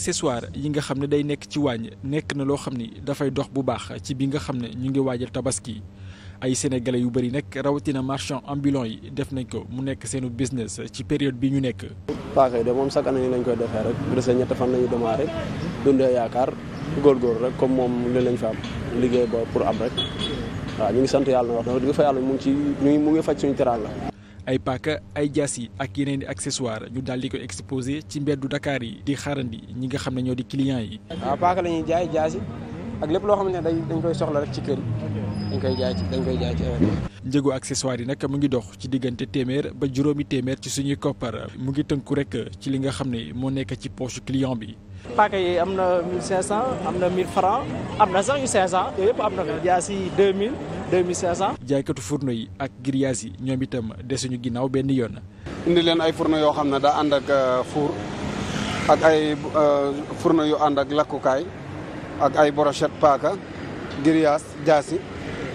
accessoire yi nga xam ne day nekk ci wàññ nekk na loo xam ni dafay dox bu baax ci bi nga xam ne ñu ngi waajal tabaski ay sénégalais yu bari nag rawatina marchand ambulant yi def nañ ko mu nekk seenu business ci période bi ñu nekk. paaka yi de moom chaque année lañ koy defee rek bu desee ñett la ñuy démarrer dundee yaakaar góorgóorlu rek comme moom li lañ fi am liggéey ba pour am rek waaw ñu ngi sant yàlla wax dëgg fa yàlla mu ngi ci mu ngi faj suñu la ay paaka ay jaas yi ak yeneen i accessoire ñu daal di ko exposé ci mbeddu Dakar yi di xaarandi ñi nga xam ne ñoo di clients yi. waaw ah, paaka la ñuy jaay jaas yi ak lépp loo xam ne dañ koy soxla rek ci kër yi dañ koy jaay ci dañ koy jaay ci njëgu accessoire yi nag mu ngi dox ci diggante téeméer ba juróomi téeméer ci suñuy koppar mu ngi tënku rek ci li nga xam ne moo nekk ci poche client bi. paaka yi am na 1500 am na 1000 am na sax yu 500 yooyu yëpp am na fi jaasi 2000 2500. jaaykatu furno yi ak grillage yi ñoom itam desuñu ginnaaw benn yoon. indi leen ay fourneau yoo xam ne daa ànd ak euh, four ak ay euh, fourneau yu ànd ak lakkukaay ak ay brochette paaka grillage jaasi.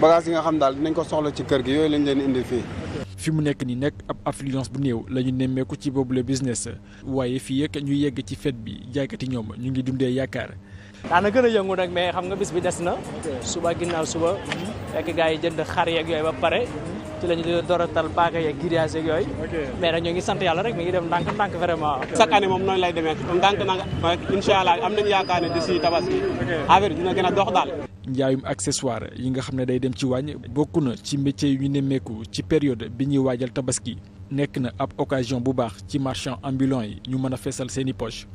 bagages yi nga xam daal dinañ ko soxla ci kër gi yooyu lañ leen indil fii. fi mu nekk nii nag ab affluence bu néew la ñu nemmeeku ci boobu boobule business waaye fii ak ñu yegg ci fête bi jaaykati ñoom ñu ngi dundee yaakaar. daana gën a yëngu nag mais xam nga bis bi des na. suba ginnaaw suba. fekk gars yi jënd xar yeeg yooyu ba pare. ci la ñu doon dooratal paaka yeeg grillage yeeg yooyu. mais nag ñoo ngi sant yàlla rek mi ngi dem ndànk-ndànk vraiment. chaque année moom noonu lay demee ndànk-ndànk incha am nañu yaakaar ne d'ici tabaski affaire dina gën a dox daal. njaayum accessoire yi nga xam ne day dem ci wàññ bokk na ci métier yu ñu nemmeeku ci période bi ñuy waajal tabaski nekk na ab occasion bu baax ci marchand ambulant yi ñu mën a feesal seeni poche